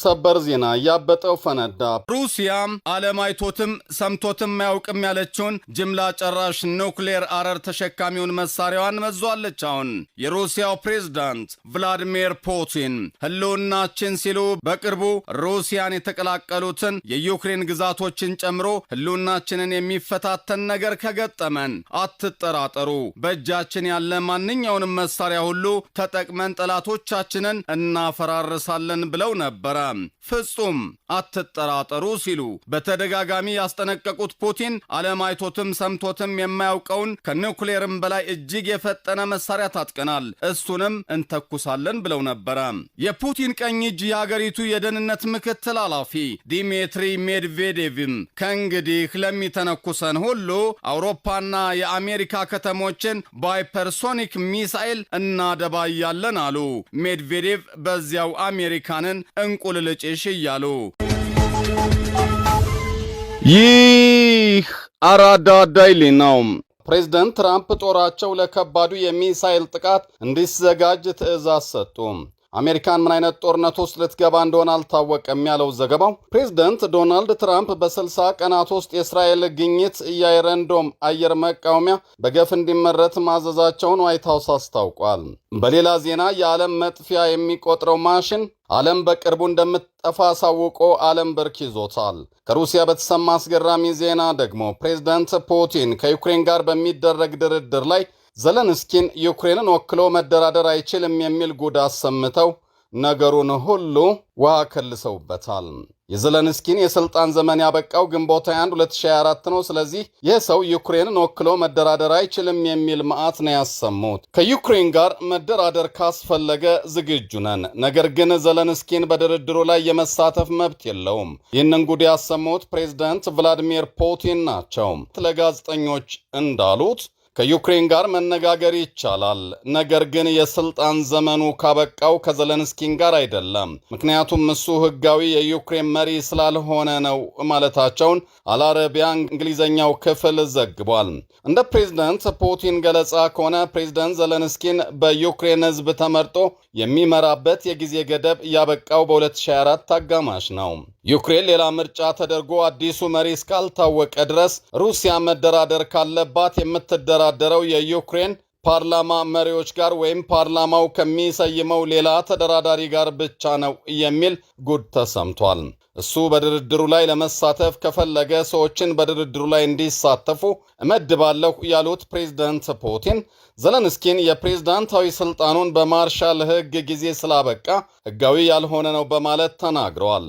ሰበር ዜና ያበጠው ፈነዳ። ሩሲያ ዓለም አይቶትም ሰምቶትም አያውቅም ያለችውን ጅምላ ጨራሽ ኑክሌር አረር ተሸካሚውን መሳሪያዋን መዟለች። አሁን የሩሲያው ፕሬዝዳንት ቭላዲሚር ፑቲን ህልውናችን ሲሉ በቅርቡ ሩሲያን የተቀላቀሉትን የዩክሬን ግዛቶችን ጨምሮ ህልውናችንን የሚፈታተን ነገር ከገጠመን አትጠራጠሩ፣ በእጃችን ያለ ማንኛውንም መሳሪያ ሁሉ ተጠቅመን ጠላቶቻችንን እናፈራርሳለን ብለው ነበር። ነበረ። ፍጹም አትጠራጠሩ ሲሉ በተደጋጋሚ ያስጠነቀቁት ፑቲን ዓለም አይቶትም ሰምቶትም የማያውቀውን ከኒውክሌርም በላይ እጅግ የፈጠነ መሳሪያ ታጥቀናል፣ እሱንም እንተኩሳለን ብለው ነበረ። የፑቲን ቀኝ እጅ የአገሪቱ የደህንነት ምክትል ኃላፊ ዲሜትሪ ሜድቬዴቭም ከእንግዲህ ለሚተነኩሰን ሁሉ አውሮፓና የአሜሪካ ከተሞችን ባይፐርሶኒክ ሚሳኤል እናደባያለን አሉ። ሜድቬዴቭ በዚያው አሜሪካንን እንቁ ቁልልጭሽ እያሉ ይህ አራዳ ዳይሊ ነው። ፕሬዝደንት ትራምፕ ጦራቸው ለከባዱ የሚሳይል ጥቃት እንዲዘጋጅ ትዕዛዝ ሰጡ። አሜሪካን ምን አይነት ጦርነት ውስጥ ልትገባ እንደሆነ አልታወቀም ያለው ዘገባው ፕሬዚደንት ዶናልድ ትራምፕ በ60 ቀናት ውስጥ የእስራኤል ግኝት የአይረንዶም አየር መቃወሚያ በገፍ እንዲመረት ማዘዛቸውን ዋይት ሀውስ አስታውቋል። በሌላ ዜና የዓለም መጥፊያ የሚቆጥረው ማሽን ዓለም በቅርቡ እንደምትጠፋ አሳውቆ ዓለም ብርክ ይዞታል። ከሩሲያ በተሰማ አስገራሚ ዜና ደግሞ ፕሬዚደንት ፑቲን ከዩክሬን ጋር በሚደረግ ድርድር ላይ ዘለንስኪን ዩክሬንን ወክሎ መደራደር አይችልም የሚል ጉዳ አሰምተው ነገሩን ሁሉ ውሃ ከልሰውበታል። የዘለንስኪን የሥልጣን ዘመን ያበቃው ግንቦት 21 2024 ነው። ስለዚህ ይህ ሰው ዩክሬንን ወክሎ መደራደር አይችልም የሚል መዓት ነው ያሰሙት። ከዩክሬን ጋር መደራደር ካስፈለገ ዝግጁ ነን፣ ነገር ግን ዘለንስኪን በድርድሩ ላይ የመሳተፍ መብት የለውም። ይህንን ጉድ ያሰሙት ፕሬዝዳንት ቭላዲሚር ፑቲን ናቸው። ለጋዜጠኞች እንዳሉት ከዩክሬን ጋር መነጋገር ይቻላል። ነገር ግን የስልጣን ዘመኑ ካበቃው ከዘለንስኪን ጋር አይደለም፣ ምክንያቱም እሱ ህጋዊ የዩክሬን መሪ ስላልሆነ ነው ማለታቸውን አልአረቢያ እንግሊዘኛው ክፍል ዘግቧል። እንደ ፕሬዝደንት ፑቲን ገለጻ ከሆነ ፕሬዝደንት ዘለንስኪን በዩክሬን ህዝብ ተመርጦ የሚመራበት የጊዜ ገደብ ያበቃው በ2024 አጋማሽ ነው። ዩክሬን ሌላ ምርጫ ተደርጎ አዲሱ መሪ እስካልታወቀ ድረስ ሩሲያ መደራደር ካለባት የምትደራደረው የዩክሬን ፓርላማ መሪዎች ጋር ወይም ፓርላማው ከሚሰይመው ሌላ ተደራዳሪ ጋር ብቻ ነው የሚል ጉድ ተሰምቷል። እሱ በድርድሩ ላይ ለመሳተፍ ከፈለገ ሰዎችን በድርድሩ ላይ እንዲሳተፉ እመድባለሁ ያሉት ፕሬዝዳንት ፑቲን ዘለንስኪን የፕሬዝዳንታዊ ስልጣኑን በማርሻል ሕግ ጊዜ ስላበቃ ሕጋዊ ያልሆነ ነው በማለት ተናግረዋል።